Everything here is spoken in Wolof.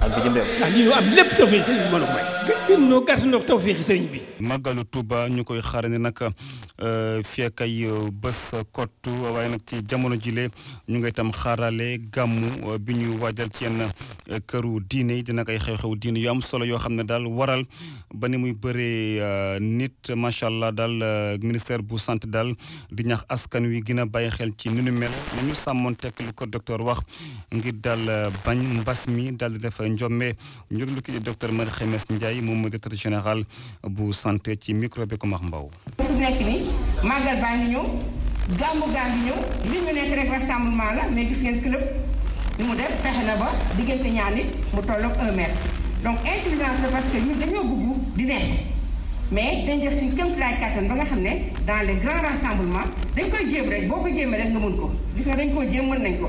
am lépp tawfeex sëriñ a may. gën noo gàtt sëriñ bi. màggalu Touba ñu koy xaarandi nag euh, fii ak ay euh, bés kottu waaye nag ci jamono jile ñu ngi tam xaarale gàmmu euh, bi ñuy waajal ci yenn këru diine yi dina ay xew-xew diine yu am solo yoo xam ne daal waral ba ni muy bëree nit macha allah daal ministère bu sant daal di ñax askan wi gën a bàyyi xel ci ni nu mel na ñu sàmmoon tekk li ko docteur wax ngir daal bañ mbas mi daal di def. Ndiombe ñu dund ki Marie Khemesse Ndiaye moom mooy directeur général bu santé ci micro bi ko max mbaw su nekk ni màggal baa ngi ñëw gàmmu gaa ngi ñëw li ñu nekk rek rassemblement la mais gis ngeen club li mu def fexe na ba diggante ñaar mu tolloog un donc intimidance la parce que ba nga xam ne dans les grands rassemblements dañ koy jéem rek boo ko jéemee rek nga mën ko gis nga dañ koo jéem mën nañ ko.